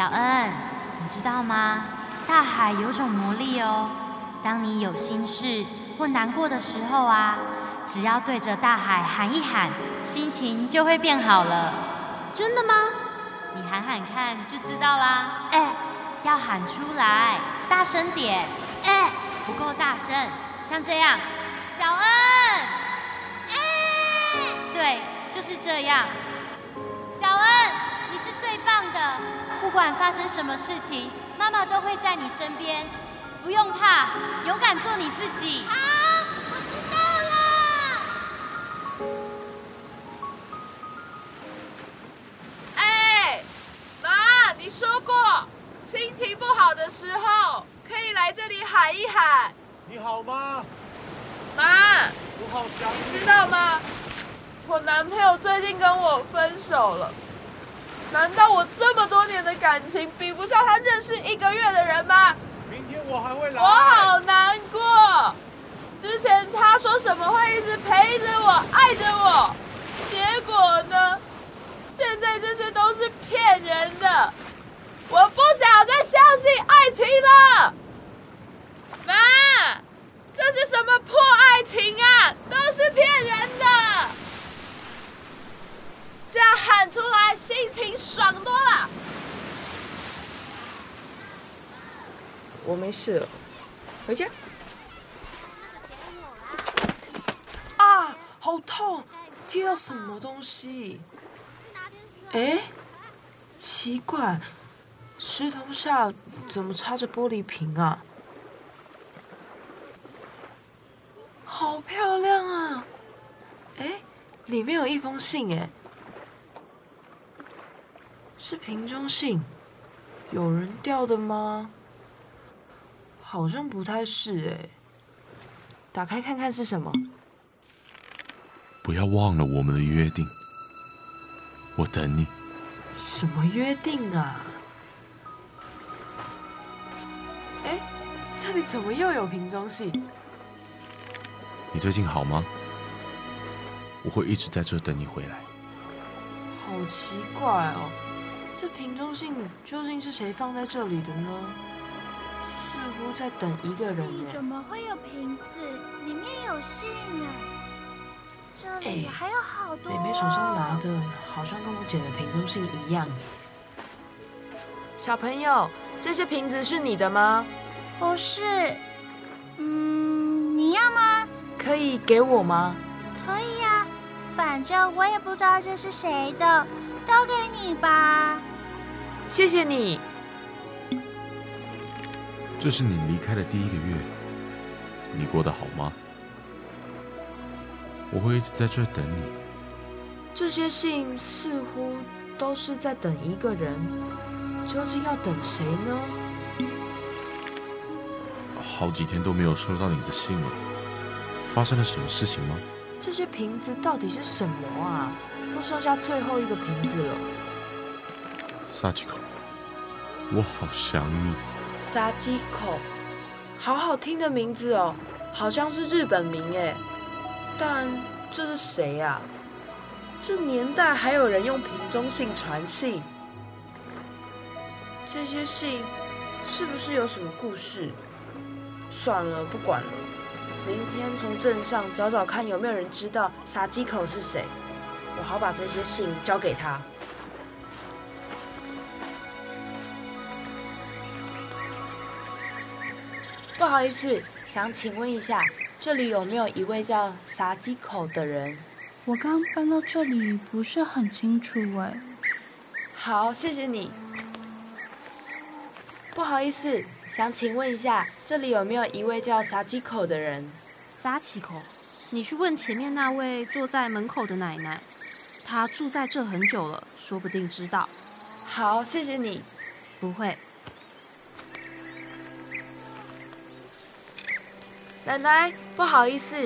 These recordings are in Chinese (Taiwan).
曉恩，你知道嗎？大海有種魔力哦。當你有心事或難過的時候啊，只要對着大海喊一喊，心情就會變好了。真的嗎？你喊喊看就知道啦。欸，要喊出來，大聲點。欸，不夠大聲，像這樣。曉恩，欸，對，就是這樣。曉恩，你是最棒的。不管發生什麼事情，媽媽都會在你身邊，不用怕，勇敢做你自己。好，啊，我知道了。哎，媽，你說過，心情不好的時候可以來這裡喊一喊。你好嗎，媽？我好想你，你知道嗎？我男朋友最近跟我分手了。難道我這麼多年的感情比不上他認識一個月的人嗎？明天我還會來。我好難過，之前他說什麼會一直陪着我、愛着我，結果呢？現在這些都是騙人的，我不想再相信愛情了。媽，這是什麼破愛情啊？都是騙人的。這樣喊出來，心情爽多了。我沒事了，回家。啊，好痛！貼到什麼東西？欸，奇怪，石頭下怎麼插着玻璃瓶啊？好漂亮啊！欸，裡面有一封信欸。是瓶中信，有人掉的嗎？好像不太是欸。打開看看是什麼？不要忘了我們的約定，我等你。什麼約定啊？哎，這裡怎麼又有瓶中信？你最近好嗎？我會一直在這等你回來。好奇怪哦。這瓶中信究竟是誰放在這裡的呢？似乎在等一個人。你怎麼會有瓶子？裡面有信哎、啊！這裡還有好多、哦。妹妹手上拿的，好像跟我撿的瓶中信一樣。小朋友，這些瓶子是你的嗎？不是。嗯，你要嗎？可以給我嗎？可以呀、啊，反正我也不知道這是誰的，都給你吧。謝謝你。這是你離開的第一個月，你過得好嗎？我會一直在這兒等你。這些信似乎都是在等一個人，究竟要等誰呢？好幾天都沒有收到你的信了，發生了什麼事情嗎？這些瓶子到底是什麼啊？都剩下最後一個瓶子了。我好想你，殺雞口，好好聽的名字哦，好像是日本名誒，但這是誰啊？這年代還有人用瓶中信傳信？這些信是不是有什麼故事？算了，不管了，明天從鎮上找找看有沒有人知道殺雞口是誰，我好把這些信交給他。不好意思，想請問一下，這裡有沒有一位叫沙吉口的人？我剛搬到這裡，不是很清楚哎。好，謝謝你。不好意思，想請問一下，這裡有沒有一位叫沙吉口的人？沙吉口，你去問前面那位坐在門口的奶奶，她住在這很久了，說不定知道。好，謝謝你。不會。奶奶，不好意思，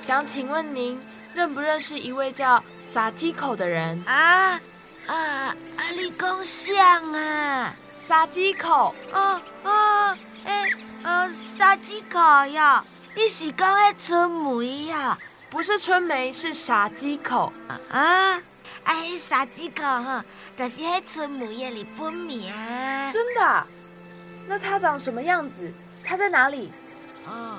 想請問您認不認識一位叫撒雞口的人啊？啊，阿你講啥啊？撒雞、啊、口？啊、哦、啊，哎、哦欸，呃，撒雞口呀、啊，你剛講春梅一呀？不是春梅，是撒雞口，啊啊、口啊？哎，撒雞口哈，但是迄春梅夜裡分娩。真的、啊？那他長什麼樣子？他在哪裡？啊？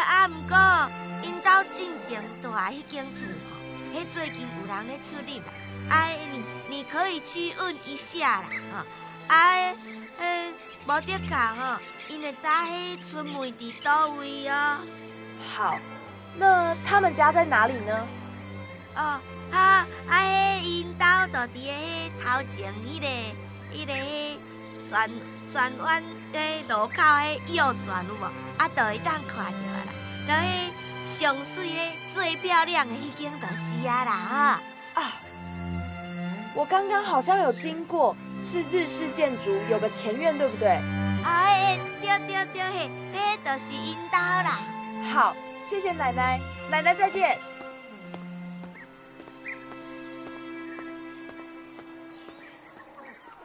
啊，毋過，因兜進前住喺迄間厝哦，迄最近有人咧出力，哎，你你可以去問一下啦，啊，哎，迄無的講吼，因個早起出門佇倒位哦。好，那他們家在哪裡呢？哦，啊，哎，因兜就佇個頭前迄、那個，迄、那個轉轉彎個路口，迄右轉路哦，啊，就可以當看着。所、就、以、是，上水的最漂亮的一間就是啊啦啊！我剛剛好像有經過，是日式建築，有個前院，對不對？哎、啊，對對對，嘿，那都是引導啦。好，謝謝奶奶，奶奶再見。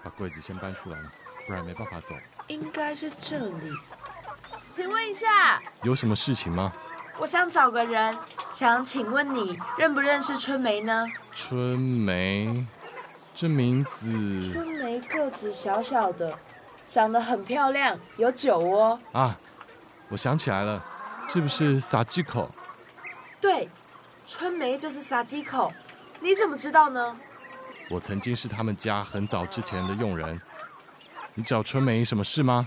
把、啊、櫃子先搬出來，不然沒辦法走。應該是這裡。請問一下，有什麼事情嗎？我想找個人，想請問你認不認識春梅呢？春梅，這名字。春梅個子小小的，長得很漂亮，有酒窩，哦。啊，我想起來了，是不是撒雞口？對，春梅就是撒雞口，你怎麼知道呢？我曾經是他們家很早之前的傭人，你找春梅什麼事嗎？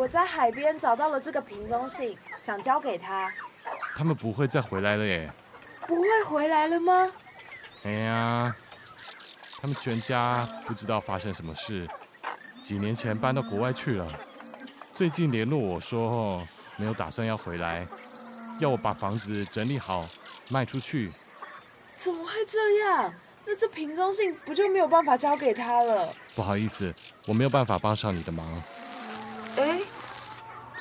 我在海邊找到了這個瓶中信，想交給他。他們不會再回來了耶。不會回來了嗎？哎呀，他們全家不知道發生什麼事，幾年前搬到國外去了。最近聯絡我說沒有打算要回來，要我把房子整理好賣出去。怎麼會這樣？那這瓶中信不就沒有辦法交給他了？不好意思，我沒有辦法幫上你的忙。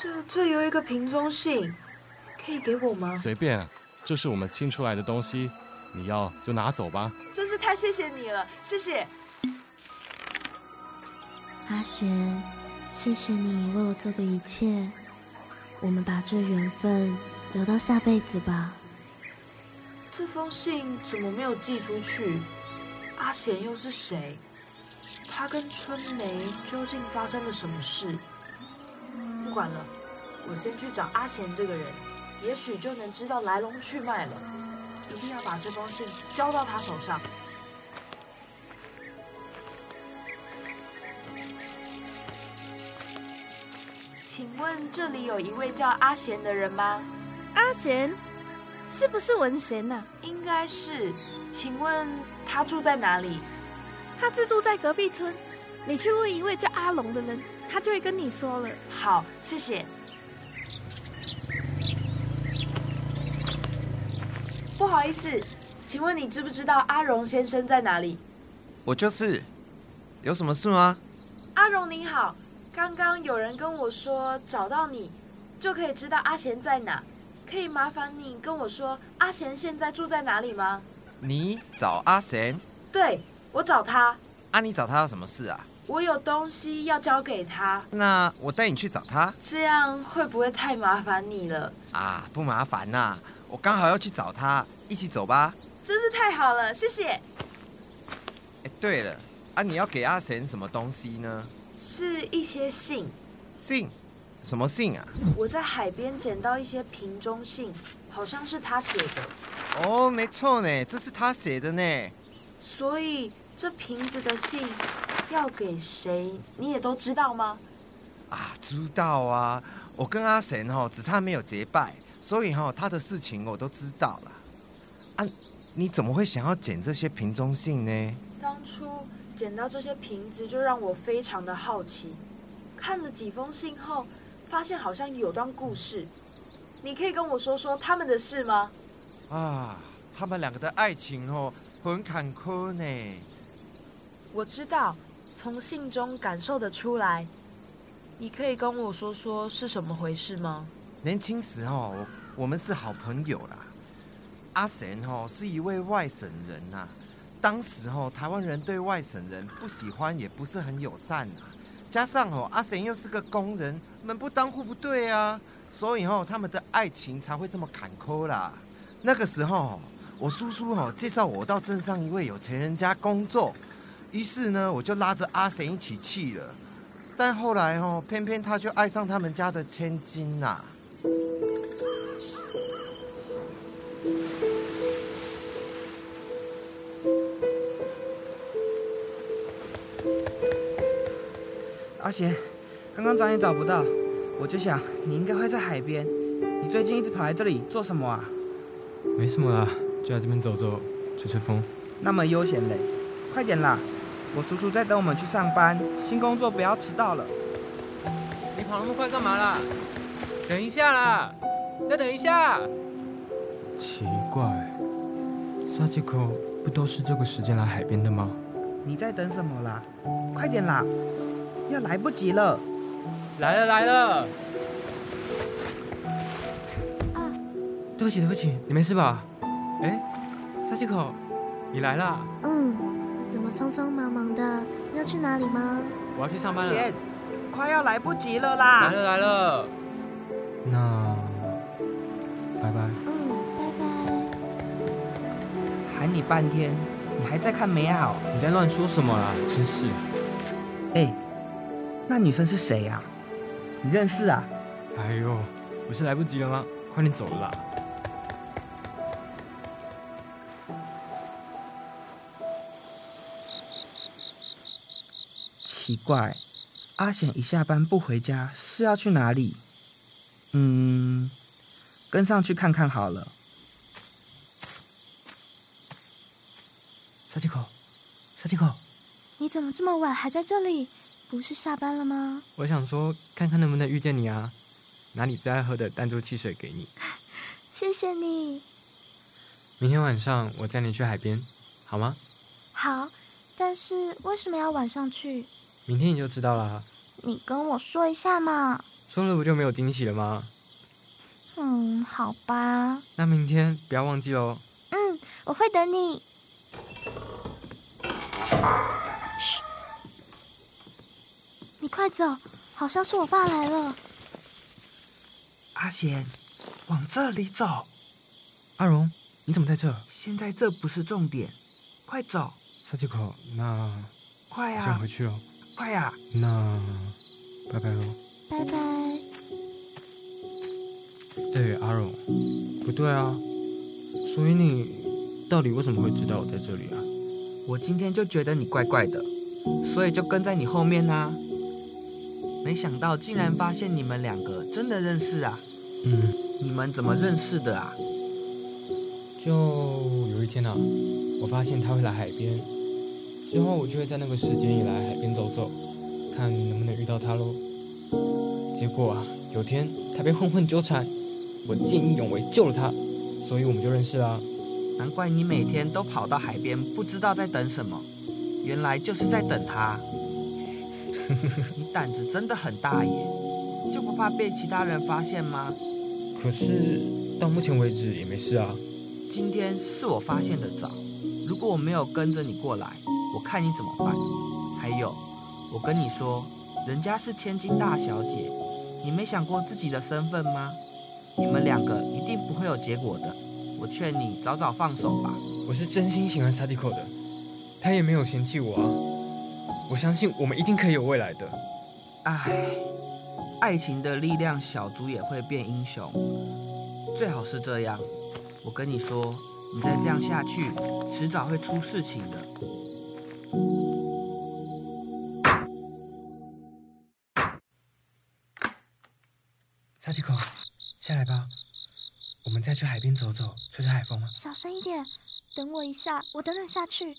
這這有一個瓶中信，可以給我嗎？隨便，這是我們清出來的東西，你要就拿走吧。真是太謝謝你了，謝謝。阿賢，謝謝你為我做的一切，我們把這緣分留到下輩子吧。這封信怎麼沒有寄出去？阿賢又是誰？他跟春梅究竟發生了什麼事？完了，我先去找阿賢這個人，也許就能知道來龍去脈了，一定要把這封信交到他手上。請問這裡有一位叫阿賢的人嗎？阿賢，是不是文賢呢？啊，應該是。請問他住在哪裡？他是住在隔壁村，你去問一位叫阿龍的人，他就會跟你說了。好，謝謝。不好意思，請問你知不知道阿榮先生在哪裡？我就是，有什麼事嗎？阿榮你好，剛剛有人跟我說找到你，就可以知道阿賢在哪，可以麻煩你跟我說阿賢現在住在哪裡嗎？你找阿賢？對，我找他。啊，你找他有什麼事啊？我有東西要交給他。那我帶你去找他。這樣會不會太麻煩你了啊？不麻煩吶、啊，我剛好要去找他，一起走吧。真是太好了，謝謝。哎，對了，啊，你要給阿賢什麼東西呢？是一些信。信，什麼信啊？我在海邊撿到一些瓶中信，好像是他寫的。哦，沒錯呢，這是他寫的呢。所以這瓶子的信，要給誰，你也都知道嗎？啊，知道啊！我跟阿賢吼，哦、只差沒有結拜，所以吼，哦、他的事情我都知道了。啊，你怎麼會想要撿這些瓶中信呢？當初撿到這些瓶子，就讓我非常的好奇。看了幾封信後，發現好像有段故事。你可以跟我說說他們的事嗎？啊，他們兩個的愛情哦很坎坷呢。我知道。從信中感受得出來，你可以跟我說說是什麼回事嗎？年輕時候我們是好朋友啦，阿賢吼是一位外省人吶、啊，當時吼台灣人對外省人不喜歡，也不是很友善啊，加上哦，阿賢又是個工人，門不當戶不對啊，所以吼他們的愛情才會這麼坎坷啦。那個時候我叔叔吼介紹我到鎮上一位有錢人家工作。於是呢，我就拉着阿賢一起去了，但後來哦，偏偏他就愛上他們家的千金吶、啊。阿賢，剛剛找也找不到，我就想你應該會在海邊。你最近一直跑來這裡做什麼啊？沒什麼啦，就在這邊走走，吹吹風。那麼悠閒嘞，快點啦！我叔叔在等我們去上班，新工作不要遲到了。你跑那麼快幹嘛啦？等一下啦，再等一下。奇怪，沙雞口不都是這個時間來海邊的嗎？你在等什麼啦？快點啦，要來不及了。來了來了。啊，對不起對不起，你沒事吧？哎，沙雞口，你來了。匆匆忙忙的要去哪裡嗎？我要去上班了，快要來不及了啦！來了來了，那，拜拜。嗯，拜拜。喊你半天，你還在看美好？你在亂說什麼啦？真是。哎，那女生是誰呀？你認識啊？哎呦，不是來不及了嗎？快點走了啦！奇怪，阿賢一下班不回家是要去哪裡？嗯，跟上去看看好了。小棘口，小棘口，你怎麼這麼晚還在這裡？不是下班了嗎？我想說，看看能不能遇見你啊！拿你最愛喝的彈珠汽水給你。 謝謝你。明天晚上我載你去海邊，好嗎？好，但是為什麼要晚上去？明天你就知道了啊。你跟我說一下嘛。說了不就沒有驚喜了嗎？嗯，好吧。那明天不要忘記哦。嗯，我會等你。噓，你快走，好像是我爸來了。阿賢，往這裡走。阿榮，你怎麼在這？現在這不是重點，快走。三七口那，快啊，先回去哦。快呀！那，拜拜嘍。拜拜。對、欸，阿榮，不對啊。所以你，到底為什麼會知道我在這裡啊？我今天就覺得你怪怪的，所以就跟在你後面呢、啊。沒想到竟然發現你們兩個真的認識啊！嗯，你們怎麼認識的啊？嗯、就有一天呢、啊，我發現他會來海邊。之後我就會在那個時間以來海邊走走，看你能不能遇到他嘍。結果啊，有天他被混混糾纏，我見義勇為救了他，所以我們就認識啦、啊。難怪你每天都跑到海邊，不知道在等什麼，原來就是在等他。 你膽子真的很大耶，就不怕被其他人發現嗎？可是到目前為止也沒事啊。今天是我發現的早，如果我沒有跟着你過來。我看你怎麼辦？還有，我跟你說，人家是千金大小姐，你沒想過自己的身份嗎？你們兩個一定不會有結果的。我勸你早早放手吧。我是真心喜歡沙迪克的，他也沒有嫌棄我啊。我相信我們一定可以有未來的。唉，愛情的力量，小豬也會變英雄。最好是這樣。我跟你說，你再這樣下去，遲早會出事情的。沙琪可，下來吧，我們再去海邊走走，吹吹海風吧。小聲一點，等我一下，我等等下去。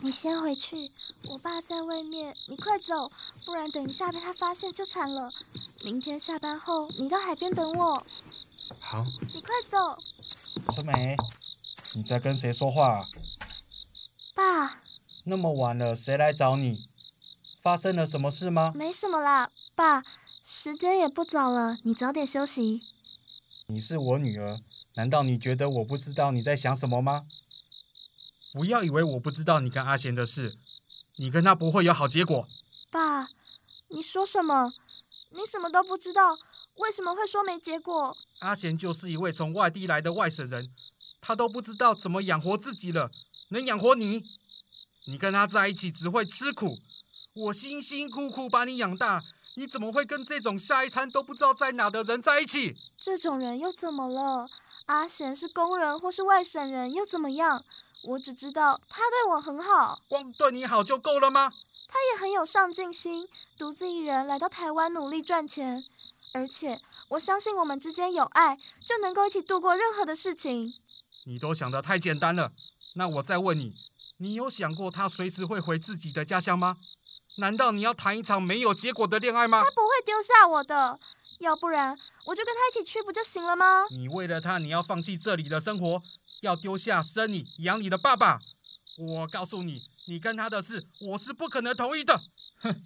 你先回去，我爸在外面，你快走，不然等一下被他發現就慘了。明天下班後，你到海邊等我。好，你快走，小美。你在跟誰說話啊？爸。那麼晚了，誰來找你？發生了什麼事嗎？沒什麼啦，爸。時間也不早了，你早點休息。你是我女兒，難道你覺得我不知道你在想什麼嗎？不要以為我不知道你跟阿賢的事。你跟他不會有好結果。爸，你說什麼？你什麼都不知道，為什麼會說沒結果？阿賢就是一位從外地來的外省人。他都不知道怎麼養活自己了，能養活你？你跟他在一起只會吃苦。我辛辛苦苦把你養大，你怎麼會跟這種下一餐都不知道在哪的人在一起？這種人又怎麼了？阿賢是工人或是外省人又怎麼樣？我只知道他對我很好。光對你好就夠了嗎？他也很有上進心，獨自一人來到台灣努力賺錢。而且我相信我們之間有愛，就能夠一起度過任何的事情。你都想得太簡單了。那我再問你，你有想過他隨時會回自己的家鄉嗎？難道你要談一場沒有結果的戀愛嗎？他不會丟下我的，要不然我就跟他一起去不就行了嗎？你為了他，你要放棄這裡的生活，要丟下生你養你的爸爸。我告訴你，你跟他的事，我是不可能同意的。哼，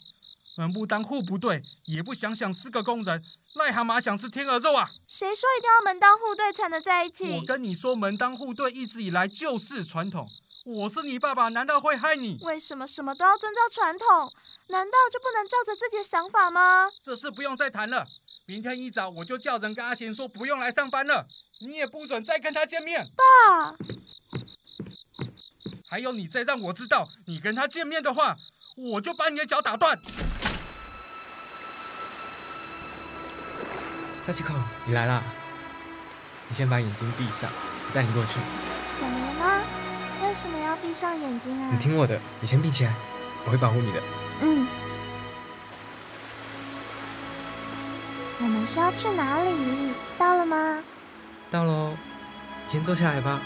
門不當戶不對，也不想想是個工人。癩蛤蟆想吃天鵝肉啊！誰說一定要門當戶對才能在一起？我跟你說，門當戶對一直以來就是傳統。我是你爸爸，難道會害你？為什麼什麼都要遵照傳統？難道就不能照着自己的想法嗎？這事不用再談了。明天一早我就叫人跟阿賢說，不用來上班了。你也不准再跟他見面。爸，還有你再讓我知道你跟他見面的話，我就把你的腳打斷。小奇克，你來啦！你先把眼睛閉上，我帶你過去。怎麼了嗎？為什麼要閉上眼睛啊？你聽我的，你先閉起來，我會保護你的。嗯。我們是要去哪裡？到了嗎？到嘍！你先坐下來吧，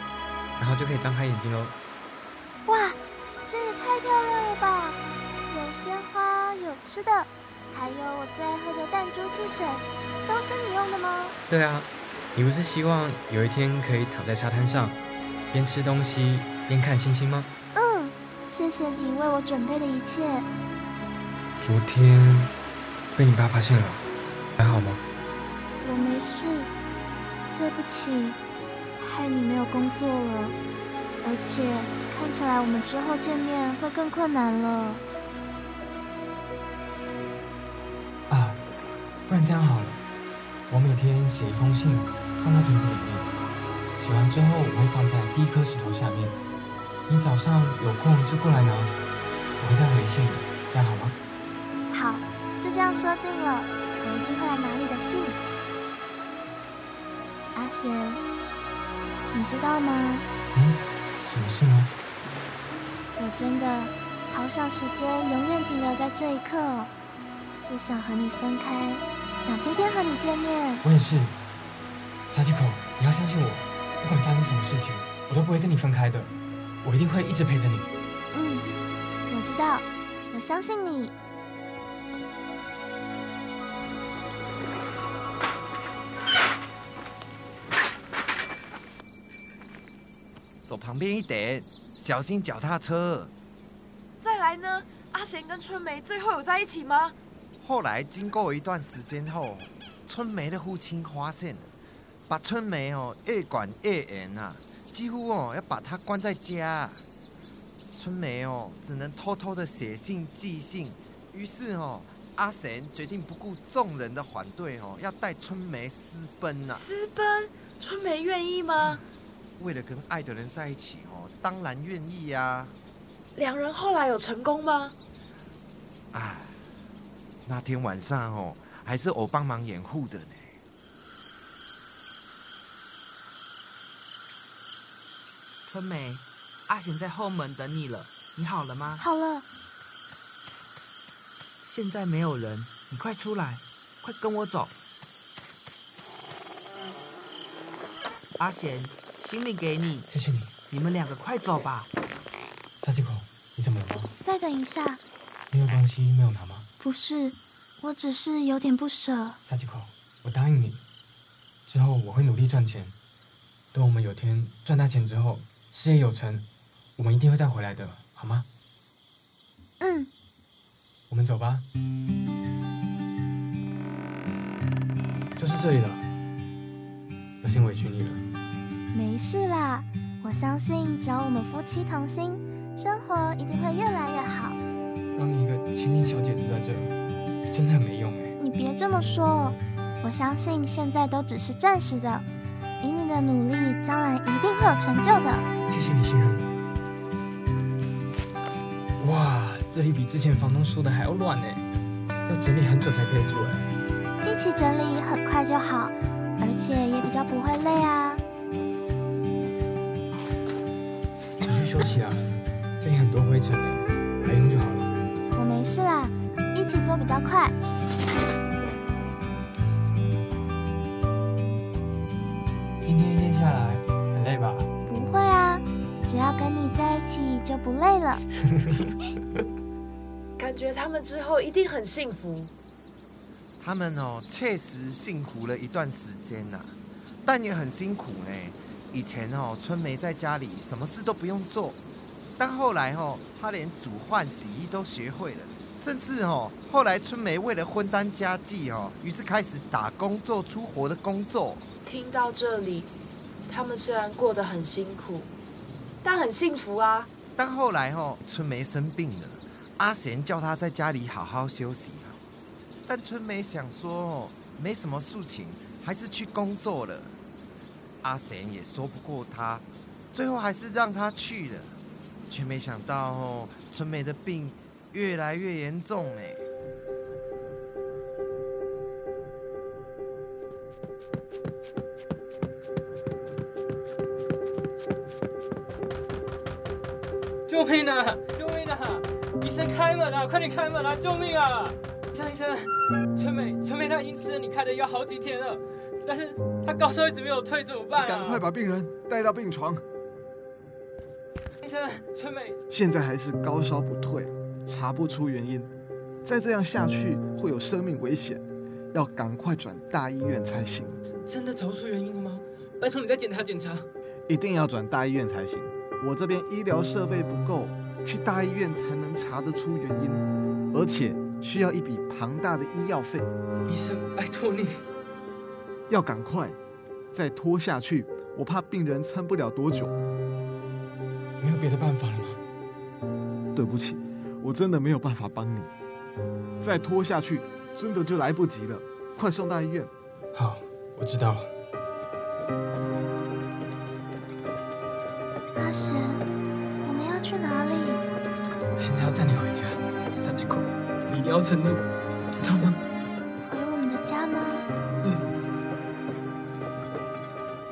然後就可以張開眼睛嘍！哇，這也太漂亮了吧！有鮮花，有吃的。還有我最愛喝的彈珠汽水，都是你用的嗎？對啊，你不是希望有一天可以躺在沙灘上，邊吃東西邊看星星嗎？嗯，謝謝你為我準備的一切。昨天被你爸發現了，還好嗎？我沒事，對不起，害你沒有工作了，而且看起來我們之後見面會更困難了。這樣好了，我每天寫一封信，放到瓶子裡面。寫完之後，我會放在第一顆石頭下面。你早上有空就過來拿，我會再回信。這樣好嗎？好，就這樣說定了。我一定會來拿你的信，阿賢。你知道嗎？嗯，什麼事嗎？我真的好想時間永遠停留在這一刻，不想和你分開。想天天和你見面。我也是。沙雞口，你要相信我，不管發生什麼事情，我都不會跟你分開的。我一定會一直陪着你。嗯，我知道，我相信你。走旁邊一點，小心腳踏車。再來呢？阿賢跟春梅最後有在一起嗎？後來經過一段時間後，春梅的父親發現，把春梅哦越管越嚴啊，幾乎哦要把她關在家。春梅哦只能偷偷的寫信寄信。於是哦阿賢決定不顧眾人的反對哦，要帶春梅私奔吶，啊。私奔？春梅願意嗎？嗯？為了跟愛的人在一起哦，當然願意呀，啊。兩人後來有成功嗎？哎。那天晚上哦，還是我幫忙掩護的呢。春梅，阿賢在後門等你了，你好了嗎？好了。現在沒有人，你快出來，快跟我走。阿賢，行李給你。謝謝你。你們兩個快走吧。沙雞狗，你怎麼了？再等一下。你有東西沒有拿嗎？不是，我只是有點不捨。沙幾口，我答應你，之後我會努力賺錢。等我們有天賺大錢之後，事業有成，我們一定會再回來的，好嗎？嗯。我們走吧。就是這裡了。要先委屈你了。沒事啦，我相信只要我們夫妻同心，生活一定會越來越好。讓你一個千金小姐住在這，真的很沒用哎！你別這麼說，我相信現在都只是暫時的，以你的努力，將來一定會有成就的。謝謝你信任我。哇，這裡比之前房東說的還要亂呢。要整理很久才可以住。一起整理，很快就好，而且也比較不會累啊。你去休息啊， 這裡很多灰塵是啦、啊，一起做比較快。今天一天下來很累吧？不會啊，只要跟你在一起就不累了。 感覺他們之後一定很幸福。他們哦、喔，確實幸福了一段時間呢、啊、但也很辛苦呢。以前哦、喔，春梅在家裡什麼事都不用做，但後來哦、喔，她連煮飯、洗衣都學會了。甚至哦，後來春梅為了分擔家計哦，於是開始打工做粗活的工作。聽到這裡，他們雖然過得很辛苦，但很幸福啊。但後來哦，春梅生病了，阿賢叫她在家裡好好休息啊。但春梅想說哦，沒什麼事情，還是去工作了。阿賢也說不過她，最後還是讓她去了。卻沒想到哦，春梅的病。越來越嚴重哎！救命啊！救命啊！醫生開門啊！快點開門啊！救命啊！醫生，醫生，春梅，春梅她已經吃了你開的藥好幾天了，但是她高燒一直沒有退，怎麼辦啊？趕快把病人帶到病床。醫生，春梅，現在還是高燒不退。查不出原因，再這樣下去會有生命危險，要趕快轉大醫院才行。真，真的找不出原因了嗎？拜託你再檢查檢查。一定要轉大醫院才行，我這邊醫療設備不夠，去大醫院才能查得出原因，而且需要一筆龐大的醫藥費。醫生，拜託你，要趕快，再拖下去，我怕病人撐不了多久。沒有別的辦法了嗎？對不起。我真的沒有辦法幫你，再拖下去真的就來不及了，快送到醫院。好，我知道了。阿賢，我們要去哪裡？我現在要載你回家，三井口。你一定要承認，知道嗎？回我們的家嗎？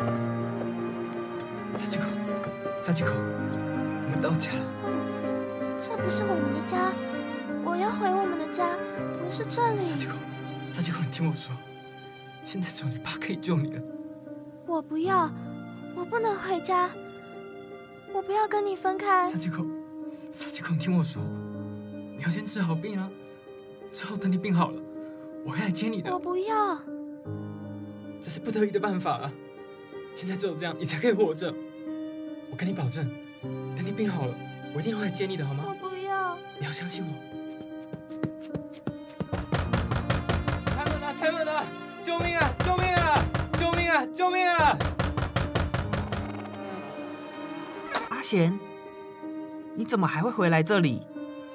嗯。三井口。三井口。我們到家了。嗯。這不是我們的家，我要回我們的家，不是這裡。三七口，三七口，你聽我說，現在只有你爸可以救你了。我不要，我不能回家，我不要跟你分開。三七口，三七口，你聽我說，你要先治好病啊，之後等你病好了，我會來接你的。我不要，這是不得已的辦法啊，現在只有這樣，你才可以活着。我跟你保證，等你病好了。我一定會來接你的好嗎？我不要。你要相信我。開門啊！開門啊！救命啊！救命啊！救命啊！救命啊！阿賢，你怎麼還會回來這裡？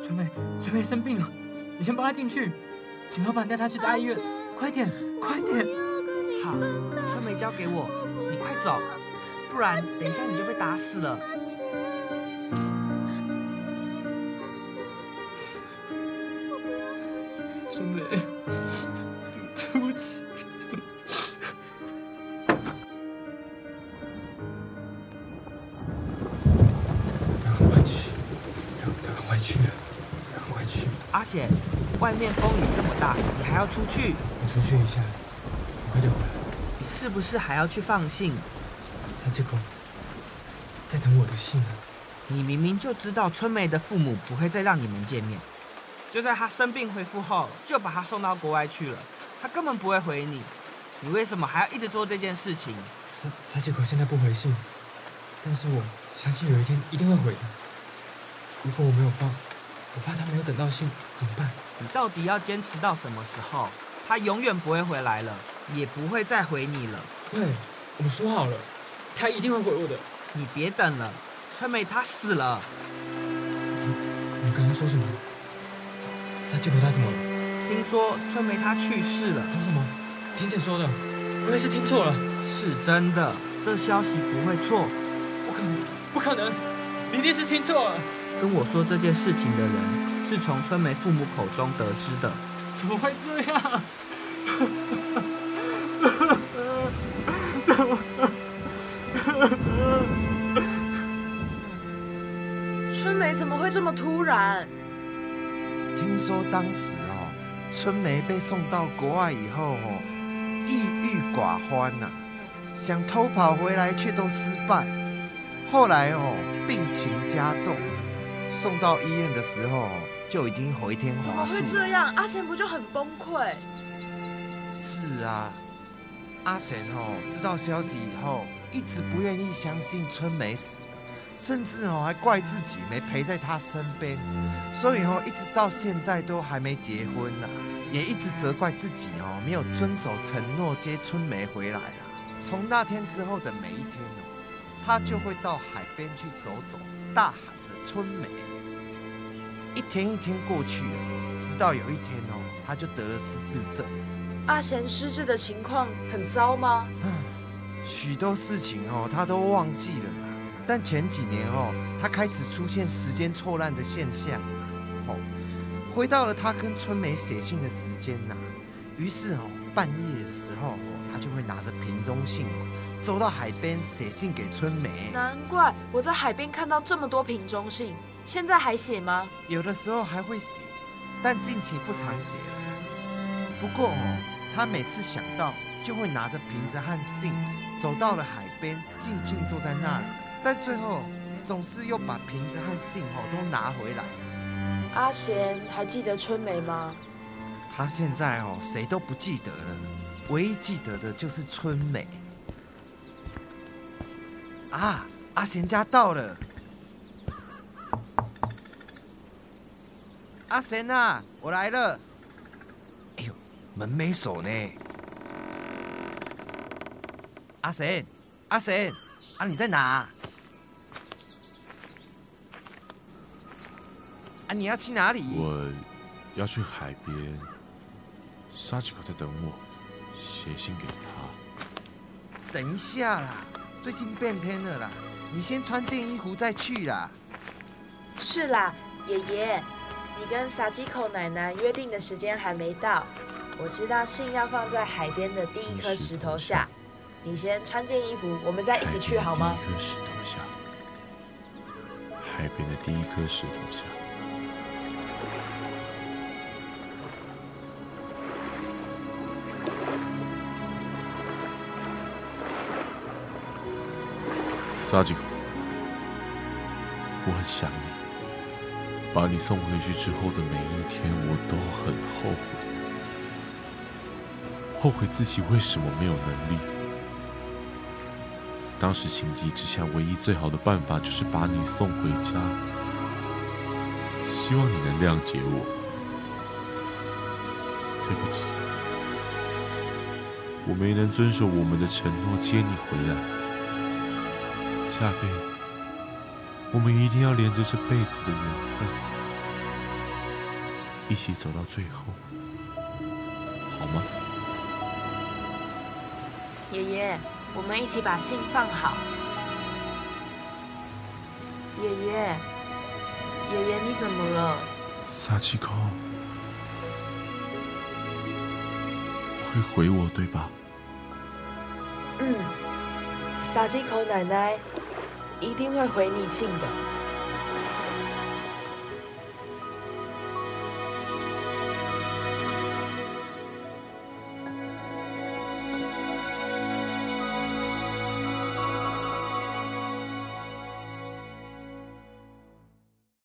春梅，春梅生病了，你先幫她進去，請老闆帶她去大醫院，快點，快點。好，春梅交給我，我，你快走，不然等一下你就被打死了。春梅，對不起，趕快去，趕快去，快去！阿賢，外面風雨這麼大，你還要出去？我出去一下，我快點回來。你是不是還要去放信？三七公，在等我的信啊！你明明就知道春梅的父母不會再讓你們見面。就在他生病恢復後，就把他送到國外去了。他根本不會回你，你為什麼還要一直做這件事情？三三姐可現在不回信，但是我相信有一天一定會回的。如果我沒有報，我怕他沒有等到信，怎麼辦？你到底要堅持到什麼時候？他永遠不會回來了，也不會再回你了。對，我們說好了，他一定會回我的。你別等了，春梅她死了。你你剛剛說什麼？結果他怎麼了？聽說春梅她去世了。說什麼？婷姐說的。不會是聽錯了？是真的，這消息不會錯。不可能，不可能，一定是聽錯了。跟我說這件事情的人，是從春梅父母口中得知的。怎麼會這樣？春梅怎麼會這麼突然？聽說當時哦，春梅被送到國外以後哦，抑鬱寡歡吶、啊，想偷跑回來卻都失敗，後來哦病情加重，送到醫院的時候就已經回天乏術。怎麼會這樣？阿賢不就很崩潰？是啊，阿賢哦知道消息以後，一直不願意相信春梅死。甚至哦，還怪自己沒陪在他身邊，所以哦，一直到現在都還沒結婚呢，也一直責怪自己哦，沒有遵守承諾接春梅回來了。從那天之後的每一天哦，他就會到海邊去走走，大喊着春梅。一天一天過去哦，直到有一天哦，他就得了失智症。阿賢失智的情況很糟嗎？嗯，許多事情哦，他都忘記了。但前幾年哦，他開始出現時間錯亂的現象，哦，回到了他跟春梅寫信的時間吶、啊。於是哦，半夜的時候哦，他就會拿着瓶中信哦，走到海邊寫信給春梅。難怪我在海邊看到這麼多瓶中信，現在還寫嗎？有的時候還會寫，但近期不常寫了、啊。不過哦，他每次想到，就會拿着瓶子和信，走到了海邊，靜靜坐在那裡。但最後總是又把瓶子和信都拿回來。阿賢還記得春梅嗎？他現在哦，誰都不記得了，唯一記得的就是春梅。啊，阿賢家到了。阿賢啊，我來了。哎呦，門沒鎖呢。阿賢，阿賢，啊你在哪？啊，你要去哪裡？我要去海邊，沙基口在等我，寫信給他。等一下啦，最近變天了啦，你先穿件衣服再去啦。是啦，爺爺，你跟沙基口奶奶約定的時間還沒到。我知道信要放在海邊的第一顆石、石、石頭下，你先穿件衣服，我們再一起去好嗎？一顆石頭下，海邊的第一顆石頭下。沙吉克，我很想你。把你送回去之後的每一天，我都很後悔，後悔自己為什麼沒有能力。當時情急之下，唯一最好的辦法就是把你送回家。希望你能諒解我，對不起，我沒能遵守我們的承諾接你回來。下輩子，我們一定要連着這輩子的緣分，一起走到最後，好嗎？爺爺，我們一起把信放好。爺爺，爺爺，你怎麼了？撒氣口。會回我對吧？嗯。撒氣口，奶奶。一定會回你信的。